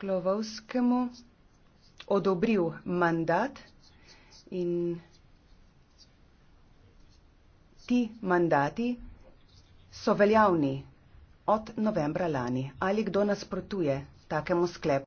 Klovovskemu odobril mandat in ti mandati so veljavni od novembra lani. Ali kdo nasprotuje takemu sklepu?